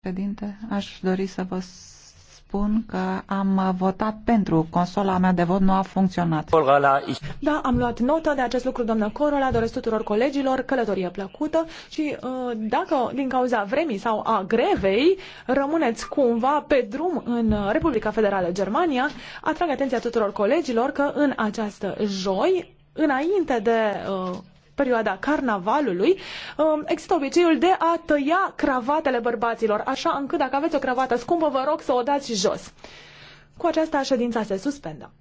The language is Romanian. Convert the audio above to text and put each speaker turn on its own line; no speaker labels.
președinte, aș dori să vă spun că am votat pentru. Consola
mea de vot nu a
funcționat.
Da, am luat notă de acest lucru, doamnă Corola. Doresc tuturor colegilor călătorie plăcută și uh, dacă din cauza vremii sau a grevei rămâneți cumva pe drum în Republica Federală Germania, atrag atenția tuturor colegilor că în această joi, înainte de uh, perioada carnavalului, um, există obiceiul de a tăia cravatele bărbaților, așa încât dacă aveți o cravată scumpă, vă rog să o dați jos. Cu aceasta ședința se suspendă.